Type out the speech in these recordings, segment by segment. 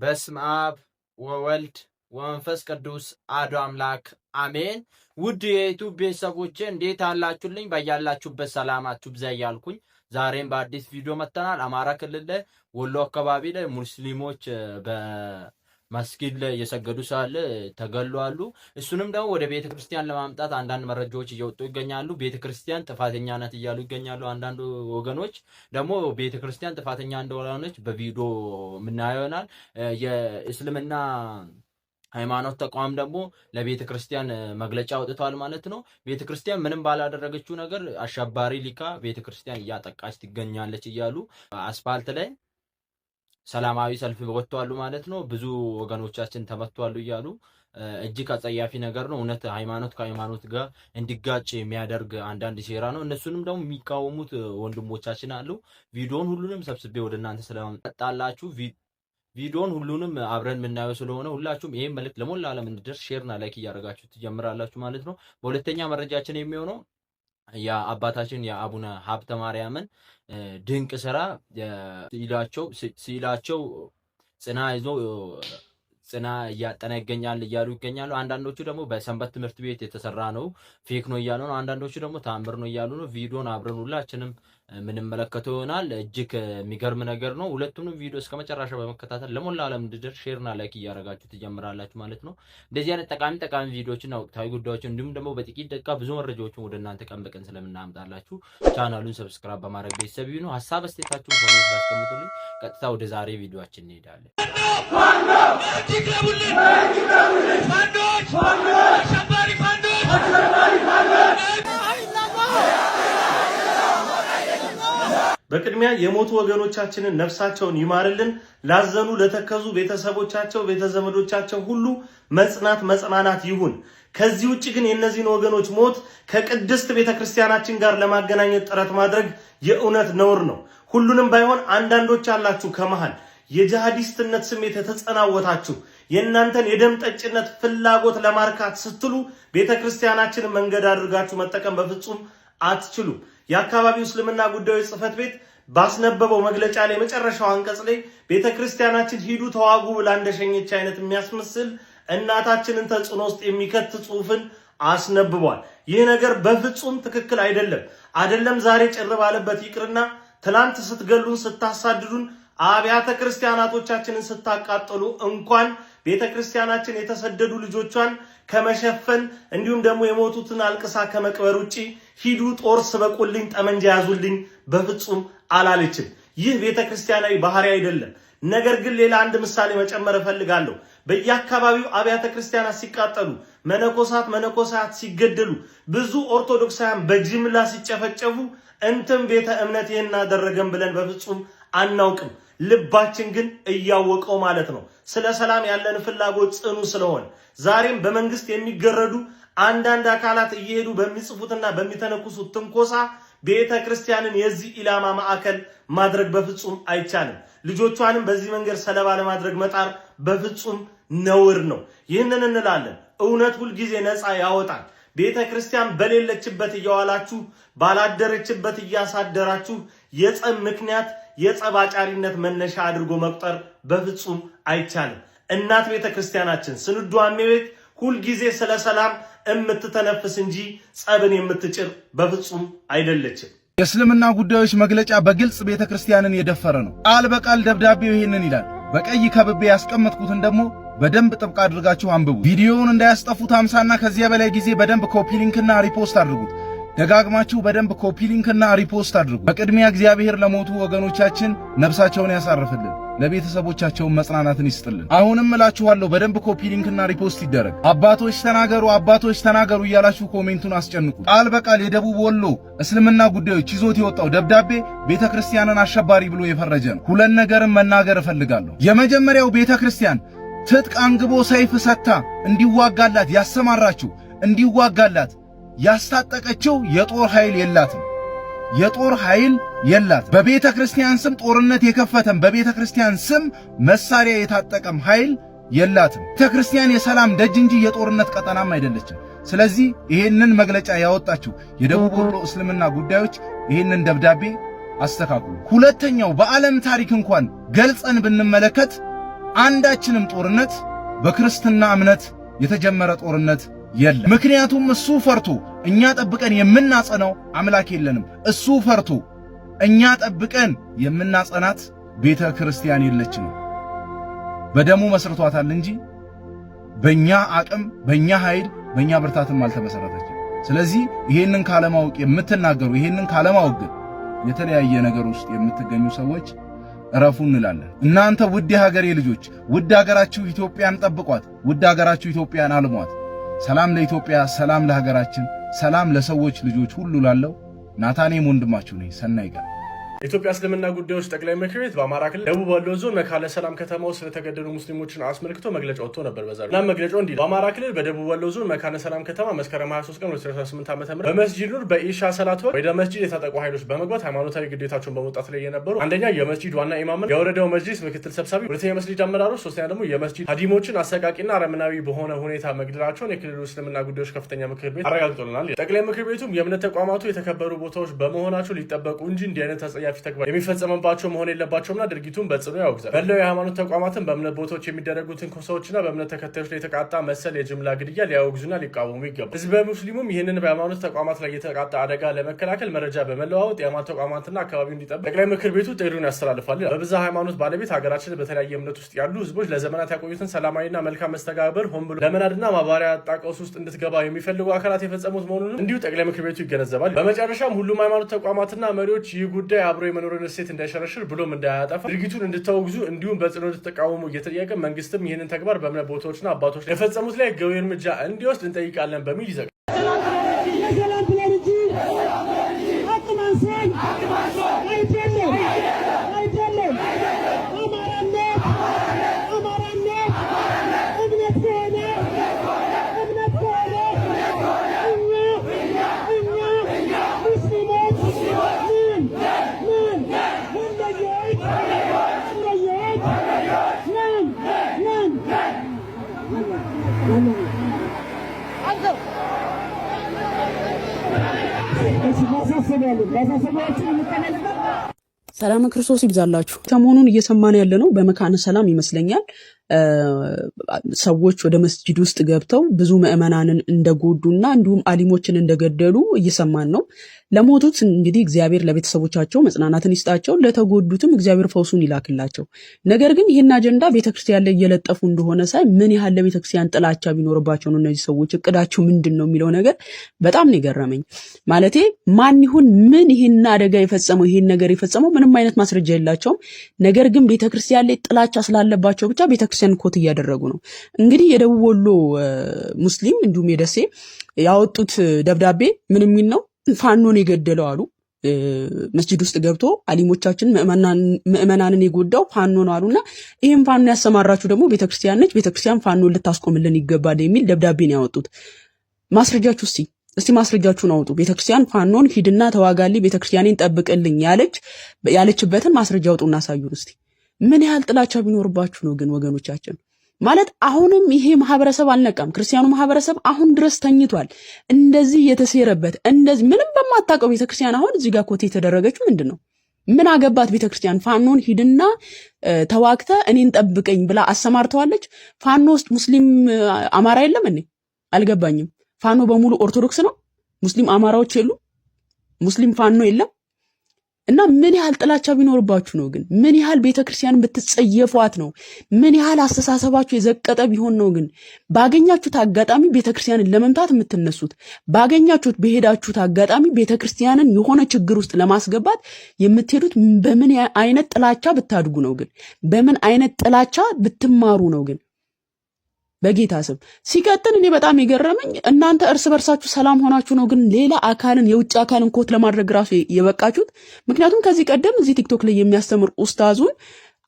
በስም አብ ወወልድ ወመንፈስ ቅዱስ አዶ አምላክ አሜን። ውድ የዩቱብ ቤተሰቦቼ እንዴት አላችሁልኝ? በያላችሁበት ሰላማችሁ ብዛ እያልኩኝ ዛሬም በአዲስ ቪዲዮ መጥተናል። አማራ ክልል ላይ ወሎ አካባቢ ላይ ሙስሊሞች በ መስጊድ ላይ እየሰገዱ ሳለ ተገሉ አሉ። እሱንም ደግሞ ወደ ቤተ ክርስቲያን ለማምጣት አንዳንድ መረጃዎች እየወጡ ይገኛሉ። ቤተ ክርስቲያን ጥፋተኛ ናት እያሉ ይገኛሉ። አንዳንድ ወገኖች ደግሞ ቤተ ክርስቲያን ጥፋተኛ እንደሆነች በቪዲዮ የምናየው ይሆናል። የእስልምና ሃይማኖት ተቋም ደግሞ ለቤተ ክርስቲያን መግለጫ አውጥቷል ማለት ነው። ቤተ ክርስቲያን ምንም ባላደረገችው ነገር አሸባሪ ሊካ ቤተ ክርስቲያን እያጠቃች ትገኛለች እያሉ አስፋልት ላይ ሰላማዊ ሰልፍ ወጥተዋሉ ማለት ነው። ብዙ ወገኖቻችን ተመቷሉ እያሉ እጅግ አጸያፊ ነገር ነው። እውነት ሃይማኖት ከሃይማኖት ጋር እንዲጋጭ የሚያደርግ አንዳንድ ሴራ ነው። እነሱንም ደግሞ የሚቃወሙት ወንድሞቻችን አሉ። ቪዲዮን ሁሉንም ሰብስቤ ወደ እናንተ ስለመጣላችሁ ቪዲዮን ሁሉንም አብረን የምናየው ስለሆነ ሁላችሁም ይህም መልእክት ለሞላ ዓለም እንዲደርስ ሼርና ላይክ እያደረጋችሁ ትጀምራላችሁ ማለት ነው። በሁለተኛ መረጃችን የሚሆነው የአባታችን የአቡነ ሀብተ ማርያምን ድንቅ ስራ ሲላቸው ጽና ይዞ ጽና እያጠና ይገኛል እያሉ ይገኛሉ። አንዳንዶቹ ደግሞ በሰንበት ትምህርት ቤት የተሰራ ነው ፌክ ነው እያሉ ነው። አንዳንዶቹ ደግሞ ታምር ነው እያሉ ነው። ቪዲዮን አብረን ሁላችንም ምንመለከተው ይሆናል። እጅግ የሚገርም ነገር ነው። ሁለቱንም ቪዲዮ እስከ መጨረሻ በመከታተል ለሞላ ዓለም እንዲደርስ ሼርና ላይክ እያደረጋችሁ ትጀምራላችሁ ማለት ነው። እንደዚህ አይነት ጠቃሚ ጠቃሚ ቪዲዮዎችና ወቅታዊ ጉዳዮችን እንዲሁም ደግሞ በጥቂት ደቂቃ ብዙ መረጃዎችን ወደ እናንተ ቀን በቀን ስለምናምጣላችሁ ቻናሉን ሰብስክራይብ በማድረግ ቤተሰብ ይሁኑ። ሀሳብ አስተያየታችሁን ኮሜንት አስቀምጡልኝ። ቀጥታ ወደ ዛሬ ቪዲዮችን እንሄዳለን። ፋኖ ፋኖ በቅድሚያ የሞቱ ወገኖቻችንን ነፍሳቸውን ይማርልን። ላዘኑ ለተከዙ ቤተሰቦቻቸው፣ ቤተዘመዶቻቸው ሁሉ መጽናት መጽናናት ይሁን። ከዚህ ውጭ ግን የእነዚህን ወገኖች ሞት ከቅድስት ቤተክርስቲያናችን ጋር ለማገናኘት ጥረት ማድረግ የእውነት ነውር ነው። ሁሉንም ባይሆን አንዳንዶች አላችሁ ከመሃል የጂሃዲስትነት ስሜት የተጸናወታችሁ የእናንተን የደም ጠጭነት ፍላጎት ለማርካት ስትሉ ቤተ ክርስቲያናችንን መንገድ አድርጋችሁ መጠቀም በፍጹም አትችሉም። የአካባቢው እስልምና ጉዳዮች ጽህፈት ቤት ባስነበበው መግለጫ ላይ መጨረሻው አንቀጽ ላይ ቤተ ክርስቲያናችን ሂዱ ተዋጉ ብላ እንደሸኘች አይነት የሚያስመስል እናታችንን ተጽዕኖ ውስጥ የሚከት ጽሁፍን አስነብቧል። ይህ ነገር በፍጹም ትክክል አይደለም። አይደለም ዛሬ ጭር ባለበት ይቅርና ትላንት ስትገሉን ስታሳድዱን አብያተ ክርስቲያናቶቻችንን ስታቃጥሉ እንኳን ቤተ ክርስቲያናችን የተሰደዱ ልጆቿን ከመሸፈን እንዲሁም ደግሞ የሞቱትን አልቅሳ ከመቅበር ውጪ ሂዱ ጦር ስበቁልኝ፣ ጠመንጃ ያዙልኝ በፍጹም አላለችም። ይህ ቤተ ክርስቲያናዊ ባህሪ አይደለም። ነገር ግን ሌላ አንድ ምሳሌ መጨመር እፈልጋለሁ። በየአካባቢው አብያተ ክርስቲያናት ሲቃጠሉ፣ መነኮሳት መነኮሳት ሲገደሉ፣ ብዙ ኦርቶዶክሳውያን በጅምላ ሲጨፈጨፉ፣ እንትም ቤተ እምነት ይህን አደረገን ብለን በፍጹም አናውቅም። ልባችን ግን እያወቀው ማለት ነው። ስለ ሰላም ያለን ፍላጎት ጽኑ ስለሆነ ዛሬም በመንግስት የሚገረዱ አንዳንድ አካላት እየሄዱ በሚጽፉትና በሚተነኩሱት ትንኮሳ ቤተ ክርስቲያንን የዚህ ኢላማ ማዕከል ማድረግ በፍጹም አይቻልም። ልጆቿንም በዚህ መንገድ ሰለባ ለማድረግ መጣር በፍጹም ነውር ነው። ይህንን እንላለን። እውነት ሁልጊዜ ነፃ ያወጣል። ቤተ ክርስቲያን በሌለችበት እያዋላችሁ ባላደረችበት እያሳደራችሁ የጸብ ምክንያት የጸብ አጫሪነት መነሻ አድርጎ መቁጠር በፍጹም አይቻልም። እናት ቤተ ክርስቲያናችን ስንዱ እመቤት ሁልጊዜ ስለ ሰላም የምትተነፍስ እንጂ ጸብን የምትጭር በፍጹም አይደለችም። የእስልምና ጉዳዮች መግለጫ በግልጽ ቤተ ክርስቲያንን የደፈረ ነው። ቃል በቃል ደብዳቤው ይህንን ይላል። በቀይ ከብቤ ያስቀመጥኩትን ደግሞ በደንብ ጥብቅ አድርጋችሁ አንብቡ። ቪዲዮውን እንዳያስጠፉት አምሳና ከዚያ በላይ ጊዜ በደንብ ኮፒሊንክና ሪፖስት አድርጉት። ደጋግማችሁ በደንብ ኮፒሊንክና ሪፖስት አድርጉ። በቅድሚያ እግዚአብሔር ለሞቱ ወገኖቻችን ነፍሳቸውን ያሳርፍልን፣ ለቤተሰቦቻቸውን መጽናናትን ይስጥልን። አሁንም እላችኋለሁ በደንብ ኮፒሊንክና ሪፖስት ይደረግ። አባቶች ተናገሩ፣ አባቶች ተናገሩ እያላችሁ ኮሜንቱን አስጨንቁ። ቃል በቃል የደቡብ ወሎ እስልምና ጉዳዮች ይዞት የወጣው ደብዳቤ ቤተ ክርስቲያንን አሸባሪ ብሎ የፈረጀ ነው። ሁለት ነገርን መናገር እፈልጋለሁ። የመጀመሪያው ቤተ ክርስቲያን ትጥቅ አንግቦ ሰይፍ ሰታ እንዲዋጋላት ያሰማራችው እንዲዋጋላት ያስታጠቀችው የጦር ኃይል የላትም። የጦር ኃይል የላት። በቤተ ክርስቲያን ስም ጦርነት የከፈተም በቤተ ክርስቲያን ስም መሳሪያ የታጠቀም ኃይል የላትም። ቤተ ክርስቲያን የሰላም ደጅ እንጂ የጦርነት ቀጠናም አይደለችም። ስለዚህ ይሄንን መግለጫ ያወጣችው የደቡብ ወሎ እስልምና ጉዳዮች ይሄንን ደብዳቤ አስተካክሉ። ሁለተኛው በዓለም ታሪክ እንኳን ገልጸን ብንመለከት አንዳችንም ጦርነት በክርስትና እምነት የተጀመረ ጦርነት የለም። ምክንያቱም እሱ ፈርቶ እኛ ጠብቀን የምናጸነው አምላክ የለንም። እሱ ፈርቶ እኛ ጠብቀን የምናጸናት ቤተ ክርስቲያን የለችም። በደሙ መስርቷታል እንጂ በእኛ አቅም፣ በእኛ ኃይል፣ በእኛ ብርታትም አልተመሰረተችም። ስለዚህ ይሄንን ካለማወቅ የምትናገሩ ይሄንን ካለማወቅ የተለያየ ነገር ውስጥ የምትገኙ ሰዎች እረፉ እንላለን። እናንተ ውድ የሀገሬ ልጆች፣ ውድ ሀገራችሁ ኢትዮጵያን ጠብቋት፣ ውድ ሀገራችሁ ኢትዮጵያን አልሟት። ሰላም ለኢትዮጵያ፣ ሰላም ለሀገራችን፣ ሰላም ለሰዎች ልጆች ሁሉ ላለው ናታኔም ወንድማችሁ ነኝ። ሰናይ ጋር የኢትዮጵያ እስልምና ጉዳዮች ጠቅላይ ምክር ቤት በአማራ ክልል ደቡብ ወሎ ዞን መካለ ሰላም ከተማ ውስጥ ለተገደሉ ሙስሊሞችን አስመልክቶ መግለጫ ወጥቶ ነበር። በዛ እና መግለጫው እንዲህ በአማራ ክልል በደቡብ ወሎ ዞን መካነ ሰላም ከተማ መስከረም 23 ቀን 2018 ዓ ም በመስጂድ ኑር በኢሻ ሰላት ወቅት ወደ መስጂድ የታጠቁ ኃይሎች በመግባት ሃይማኖታዊ ግዴታቸውን በመውጣት ላይ የነበሩ አንደኛ የመስጂድ ዋና ኢማምን፣ የወረዳው መጅሊስ ምክትል ሰብሳቢ፣ ሁለተኛ የመስጂድ አመራሮች፣ ሶስተኛ ደግሞ የመስጂድ ሀዲሞችን አሰቃቂና አረመናዊ በሆነ ሁኔታ መግደላቸውን የክልሉ እስልምና ጉዳዮች ከፍተኛ ምክር ቤት አረጋግጦልናል። ጠቅላይ ምክር ቤቱም የእምነት ተቋማቱ የተከበሩ ቦታዎች በመሆናቸው ሊጠበቁ እንጂ እንዲህ አይነት አጸያፊ ተግባር የሚፈጸምባቸው መሆን የለባቸውምና ድርጊቱን በጽኑ ያወግዛል። መላው የሃይማኖት ተቋማትን በእምነት ቦታዎች የሚደረጉ ትንኮሳዎችና በእምነት ተከታዮች ላይ የተቃጣ መሰል የጅምላ ግድያ ሊያወግዙና ሊቃወሙ ይገባል። ህዝበ ሙስሊሙም ይህንን በሃይማኖት ተቋማት ላይ የተቃጣ አደጋ ለመከላከል መረጃ በመለዋወጥ የሃይማኖት ተቋማትና አካባቢ እንዲጠብቅ ጠቅላይ ምክር ቤቱ ጥሪውን ያስተላልፋል። በብዛ ሃይማኖት ባለቤት ሀገራችን በተለያየ እምነት ውስጥ ያሉ ህዝቦች ለዘመናት ያቆዩትን ሰላማዊና መልካም መስተጋበር ሆን ብሎ ለመናድና ማባሪያ ጣቀውስ ውስጥ እንድትገባ የሚፈልጉ አካላት የፈጸሙት መሆኑንም እንዲሁ ጠቅላይ ምክር ቤቱ ይገነዘባል። በመጨረሻም ሁሉም ሃይማኖት ተቋማትና መሪዎች ይህ ጉዳይ አብሮ የመኖርን እሴት እንዳይሸረሽር ብሎም እንዳያጠፋ ድርጊቱን እንድታወግዙ እንዲሁም በጽኖ እንድትቃወሙ እየተጠየቀ መንግስትም ይህንን ተግባር በእምነት ቦታዎችና አባቶች የፈጸሙት ላይ ገቢ እርምጃ እንዲወስድ እንጠይቃለን በሚል ይዘጋል። ሰላም ክርስቶስ ይብዛላችሁ። ሰሞኑን እየሰማን ያለ ነው በመካነ ሰላም ይመስለኛል ሰዎች ወደ መስጂድ ውስጥ ገብተው ብዙ ምዕመናንን እንደጎዱና እንዲሁም አሊሞችን እንደገደሉ እየሰማን ነው። ለሞቱት እንግዲህ እግዚአብሔር ለቤተሰቦቻቸው መጽናናትን ይስጣቸው፣ ለተጎዱትም እግዚአብሔር ፈውሱን ይላክላቸው። ነገር ግን ይህን አጀንዳ ቤተክርስቲያን ላይ እየለጠፉ እንደሆነ ሳይ ምን ያህል ለቤተክርስቲያን ጥላቻ ቢኖርባቸው ነው እነዚህ ሰዎች? እቅዳቸው ምንድን ነው የሚለው ነገር በጣም ነው የገረመኝ። ማለቴ ማን ይሁን ምን ይህን አደጋ የፈጸመው ይህን ነገር የፈጸመው ምንም አይነት ማስረጃ የላቸውም። ነገር ግን ቤተክርስቲያን ላይ ጥላቻ ስላለባቸው ብቻ ቤተክርስቲያን ቤተክርስቲያን ኮት እያደረጉ ነው። እንግዲህ የደቡብ ወሎ ሙስሊም እንዲሁም የደሴ ያወጡት ደብዳቤ ምን የሚል ነው? ፋኖን የገደለው አሉ መስጅድ ውስጥ ገብቶ አሊሞቻችን ምዕመናንን የጎዳው ፋኖ ነው አሉና ይህም ፋኖ ያሰማራችሁ ደግሞ ቤተክርስቲያን ነች፣ ቤተክርስቲያን ፋኖን ልታስቆምልን ይገባል የሚል ነው ያወጡት ማስረጃችሁ እስቲ እስቲ ማስረጃችሁን አውጡ። ቤተክርስቲያን ፋኖን ሂድና ተዋጋሊ፣ ቤተክርስቲያኔን ጠብቅልኝ ያለች ያለችበትን ማስረጃ አውጡ እናሳዩን እስቲ። ምን ያህል ጥላቻ ቢኖርባችሁ ነው ግን ወገኖቻችን? ማለት አሁንም ይሄ ማህበረሰብ አልነቃም። ክርስቲያኑ ማህበረሰብ አሁን ድረስ ተኝቷል። እንደዚህ የተሴረበት እንደዚህ ምንም በማታውቀው ቤተክርስቲያን አሁን እዚህ ጋር ኮቴ የተደረገችው ምንድን ነው? ምን አገባት ቤተክርስቲያን? ፋኖን ሂድና ተዋግተ እኔን ጠብቀኝ ብላ አሰማርተዋለች። ፋኖ ውስጥ ሙስሊም አማራ የለም? እኔ አልገባኝም። ፋኖ በሙሉ ኦርቶዶክስ ነው። ሙስሊም አማራዎች የሉ? ሙስሊም ፋኖ የለም? እና ምን ያህል ጥላቻ ቢኖርባችሁ ነው ግን? ምን ያህል ቤተክርስቲያን ብትጸየፏት ነው? ምን ያህል አስተሳሰባችሁ የዘቀጠ ቢሆን ነው ግን ባገኛችሁት አጋጣሚ ቤተክርስቲያንን ለመምታት የምትነሱት? ባገኛችሁት በሄዳችሁት አጋጣሚ ቤተክርስቲያንን የሆነ ችግር ውስጥ ለማስገባት የምትሄዱት? በምን አይነት ጥላቻ ብታድጉ ነው ግን? በምን አይነት ጥላቻ ብትማሩ ነው ግን? በጌታ ስም ሲቀጥል፣ እኔ በጣም የገረመኝ እናንተ እርስ በርሳችሁ ሰላም ሆናችሁ ነው፣ ግን ሌላ አካልን የውጭ አካልን ኮት ለማድረግ ራሱ የበቃችሁት። ምክንያቱም ከዚህ ቀደም እዚህ ቲክቶክ ላይ የሚያስተምር ኡስታዙን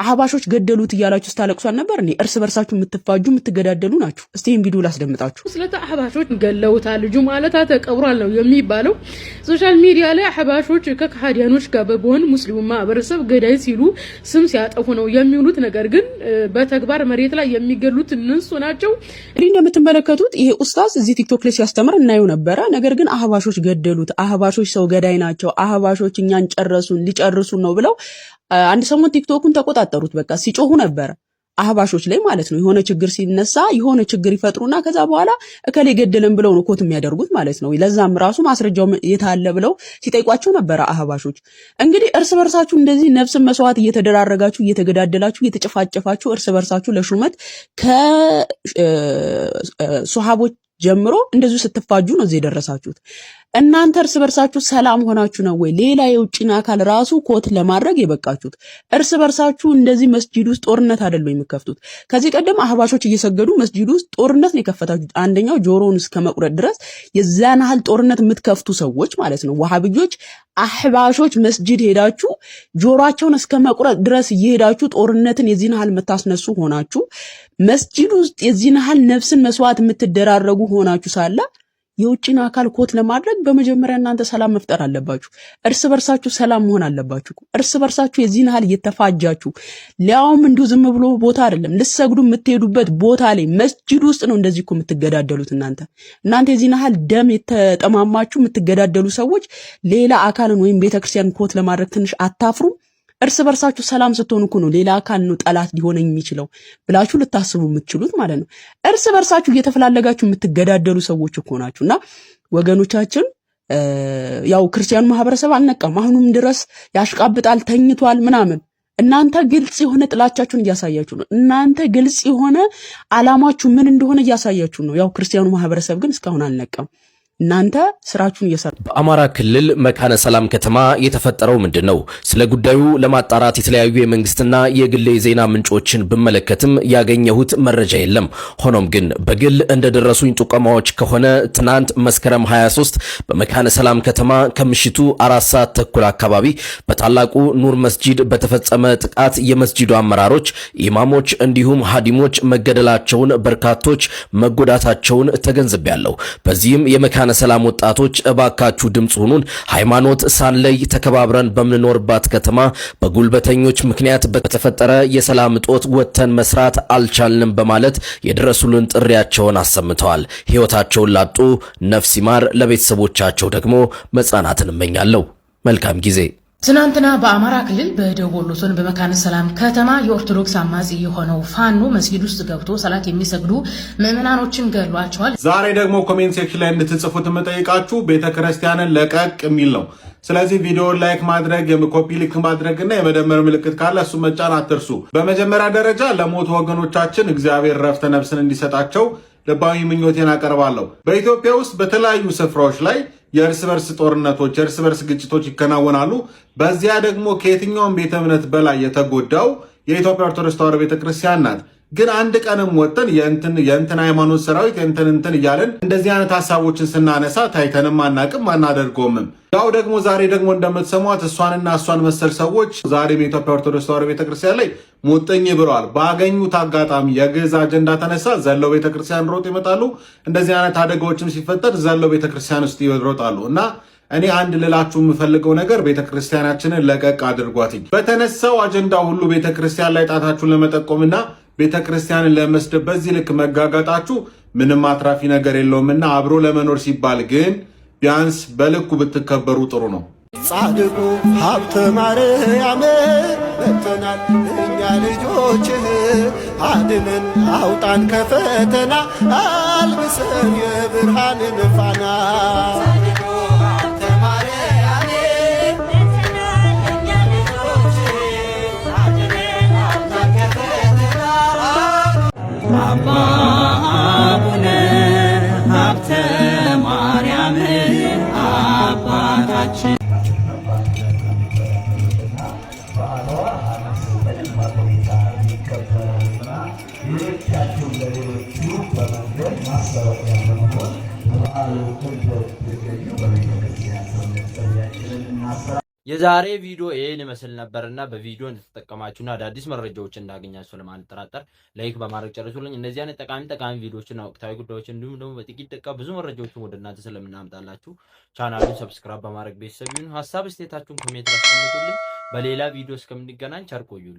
አህባሾች ገደሉት እያላችሁ ስታለቅሱ አልነበር? እ እርስ በርሳችሁ የምትፋጁ የምትገዳደሉ ናችሁ። እስቲ ይህን ቪዲዮ ላስደምጣችሁ። ስለተ አህባሾች ገለውታል፣ ልጁ ማለት ተቀብሯል ነው የሚባለው። ሶሻል ሚዲያ ላይ አህባሾች ከካህዲያኖች ጋር በመሆን ሙስሊሙ ማህበረሰብ ገዳይ ሲሉ ስም ሲያጠፉ ነው የሚውሉት። ነገር ግን በተግባር መሬት ላይ የሚገሉት እነሱ ናቸው። እንዲህ እንደምትመለከቱት ይሄ ኡስታዝ እዚህ ቲክቶክ ላይ ሲያስተምር እናየው ነበረ። ነገር ግን አህባሾች ገደሉት፣ አህባሾች ሰው ገዳይ ናቸው፣ አህባሾች እኛን ጨረሱን ሊጨርሱን ነው ብለው አንድ ሰሞን ቲክቶኩን ተቆጣጠሩት። በቃ ሲጮሁ ነበረ አህባሾች ላይ ማለት ነው። የሆነ ችግር ሲነሳ የሆነ ችግር ይፈጥሩና ከዛ በኋላ እከሌ ገደለን ብለው ነው ኮት የሚያደርጉት ማለት ነው። ለዛም ራሱ ማስረጃው የታለ ብለው ሲጠይቋቸው ነበረ አህባሾች። እንግዲህ እርስ በርሳችሁ እንደዚህ ነፍስን መስዋዕት እየተደራረጋችሁ፣ እየተገዳደላችሁ፣ እየተጨፋጨፋችሁ እርስ በርሳችሁ ለሹመት ከሱሐቦች ጀምሮ እንደዚሁ ስትፋጁ ነው እዚህ የደረሳችሁት። እናንተ እርስ በርሳችሁ ሰላም ሆናችሁ ነው ወይ ሌላ የውጭን አካል ራሱ ኮት ለማድረግ የበቃችሁት? እርስ በርሳችሁ እንደዚህ መስጂድ ውስጥ ጦርነት አይደለም የምከፍቱት። ከዚህ ቀደም አህባሾች እየሰገዱ መስጂድ ውስጥ ጦርነት ነው የከፈታችሁት። አንደኛው ጆሮውን እስከ መቁረጥ ድረስ የዛን ያህል ጦርነት የምትከፍቱ ሰዎች ማለት ነው። ዋሃብዮች፣ አህባሾች መስጂድ ሄዳችሁ ጆሮአቸውን እስከ መቁረጥ ድረስ እየሄዳችሁ ጦርነትን የዚህን ያህል የምታስነሱ ሆናችሁ መስጂድ ውስጥ የዚህን ያህል ነፍስን መስዋዕት የምትደራረጉ ሆናችሁ ሳለ የውጭን አካል ኮት ለማድረግ በመጀመሪያ እናንተ ሰላም መፍጠር አለባችሁ። እርስ በርሳችሁ ሰላም መሆን አለባችሁ። እርስ በርሳችሁ የዚህን ያህል እየተፋጃችሁ ሊያውም እንዲሁ ዝም ብሎ ቦታ አይደለም፣ ልሰግዱ የምትሄዱበት ቦታ ላይ መስጅድ ውስጥ ነው እንደዚህ እኮ የምትገዳደሉት እናንተ እናንተ የዚህን ያህል ደም የተጠማማችሁ የምትገዳደሉ ሰዎች ሌላ አካልን ወይም ቤተክርስቲያን ኮት ለማድረግ ትንሽ አታፍሩም? እርስ በርሳችሁ ሰላም ስትሆኑ እኮ ነው ሌላ አካል ነው ጠላት ሊሆነ የሚችለው ብላችሁ ልታስቡ የምትችሉት ማለት ነው። እርስ በርሳችሁ እየተፈላለጋችሁ የምትገዳደሉ ሰዎች እኮ ናችሁ። እና ወገኖቻችን ያው ክርስቲያኑ ማህበረሰብ አልነቃም፣ አሁንም ድረስ ያሽቃብጣል፣ ተኝቷል ምናምን። እናንተ ግልጽ የሆነ ጥላቻችሁን እያሳያችሁ ነው። እናንተ ግልጽ የሆነ አላማችሁ ምን እንደሆነ እያሳያችሁ ነው። ያው ክርስቲያኑ ማህበረሰብ ግን እስካሁን አልነቃም። እናንተ ስራችሁን እየሰሩ በአማራ ክልል መካነ ሰላም ከተማ የተፈጠረው ምንድን ነው? ስለ ጉዳዩ ለማጣራት የተለያዩ የመንግስትና የግል የዜና ምንጮችን ብመለከትም ያገኘሁት መረጃ የለም። ሆኖም ግን በግል እንደደረሱኝ ጥቆማዎች ከሆነ ትናንት መስከረም 23 በመካነ ሰላም ከተማ ከምሽቱ አራት ሰዓት ተኩል አካባቢ በታላቁ ኑር መስጂድ በተፈጸመ ጥቃት የመስጂዱ አመራሮች፣ ኢማሞች እንዲሁም ሀዲሞች መገደላቸውን፣ በርካቶች መጎዳታቸውን ተገንዝቤያለሁ። በዚህም የመካ መካነ ሰላም ወጣቶች እባካችሁ ድምፅ ሁኑን። ሃይማኖት ሳንለይ ተከባብረን በምንኖርባት ከተማ በጉልበተኞች ምክንያት በተፈጠረ የሰላም እጦት ወጥተን መስራት አልቻልንም በማለት የድረሱልን ጥሪያቸውን አሰምተዋል። ሕይወታቸውን ላጡ ነፍስ ይማር፣ ለቤተሰቦቻቸው ደግሞ መጽናናትን እመኛለሁ። መልካም ጊዜ ትናንትና በአማራ ክልል በደቡብ ወሎ ዞን በመካነ ሰላም ከተማ የኦርቶዶክስ አማጺ የሆነው ፋኖ መስጊድ ውስጥ ገብቶ ሰላት የሚሰግዱ ምዕመናኖችን ገድሏቸዋል። ዛሬ ደግሞ ኮሜንት ሴክሽን ላይ እንድትጽፉት የምጠይቃችሁ ቤተክርስቲያንን ለቀቅ የሚል ነው። ስለዚህ ቪዲዮ ላይክ ማድረግ የኮፒ ሊክ ማድረግ እና የመደመር ምልክት ካለ እሱ መጫን አትርሱ። በመጀመሪያ ደረጃ ለሞቱ ወገኖቻችን እግዚአብሔር ረፍተ ነፍስን እንዲሰጣቸው ልባዊ ምኞቴን አቀርባለሁ። በኢትዮጵያ ውስጥ በተለያዩ ስፍራዎች ላይ የእርስ በርስ ጦርነቶች፣ የእርስ በርስ ግጭቶች ይከናወናሉ። በዚያ ደግሞ ከየትኛውም ቤተ እምነት በላይ የተጎዳው የኢትዮጵያ ኦርቶዶክስ ተዋሕዶ ቤተክርስቲያን ናት። ግን አንድ ቀንም ወጥተን የእንትን ሃይማኖት ሰራዊት የእንትን እንትን እያለን እንደዚህ አይነት ሀሳቦችን ስናነሳ ታይተንም አናቅም አናደርገውምም። ያው ደግሞ ዛሬ ደግሞ እንደምትሰሟት እሷንና እሷን መሰል ሰዎች ዛሬም የኢትዮጵያ ኦርቶዶክስ ተዋሕዶ ቤተክርስቲያን ላይ ሙጥኝ ብለዋል። ባገኙት አጋጣሚ የግዕዝ አጀንዳ ተነሳ ዘለው ቤተክርስቲያን ሮጥ ይመጣሉ። እንደዚህ አይነት አደጋዎችም ሲፈጠር ዘለው ቤተክርስቲያን ውስጥ ይሮጣሉ እና እኔ አንድ ልላችሁ የምፈልገው ነገር ቤተክርስቲያናችንን ለቀቅ አድርጓትኝ። በተነሳው አጀንዳ ሁሉ ቤተክርስቲያን ላይ ጣታችሁን ለመጠቆምና ቤተ ክርስቲያንን ለመስደብ በዚህ ልክ መጋጋጣችሁ ምንም አትራፊ ነገር የለውምና አብሮ ለመኖር ሲባል ግን ቢያንስ በልኩ ብትከበሩ ጥሩ ነው። ጻድቁ ሀብተ ማርያም መጥተናል እኛ ልጆችህ አድነን አውጣን ከፈተና አልብሰን የብርሃንን ፋና አባ አቡነ ሀብተ ማርያም አባታችን የዛሬ ቪዲዮ ይህን ይመስል ነበርና በቪዲዮ እንደተጠቀማችሁና አዳዲስ መረጃዎች እንዳገኛችሁ ለማንጠራጠር ላይክ በማድረግ ጨርሱልኝ። እነዚህ አይነት ጠቃሚ ጠቃሚ ቪዲዮዎችና ወቅታዊ ጉዳዮች እንዲሁም ደግሞ በጥቂት ደቂቃ ብዙ መረጃዎችን ወደ እናንተ ስለምናምጣላችሁ ቻናሉን ሰብስክራይብ በማድረግ ቤተሰብ ይሁኑ። ሀሳብ ስቴታችሁን ኮሜንት አስቀምጡልኝ። በሌላ ቪዲዮ እስከምንገናኝ ቸር ቆዩልኝ።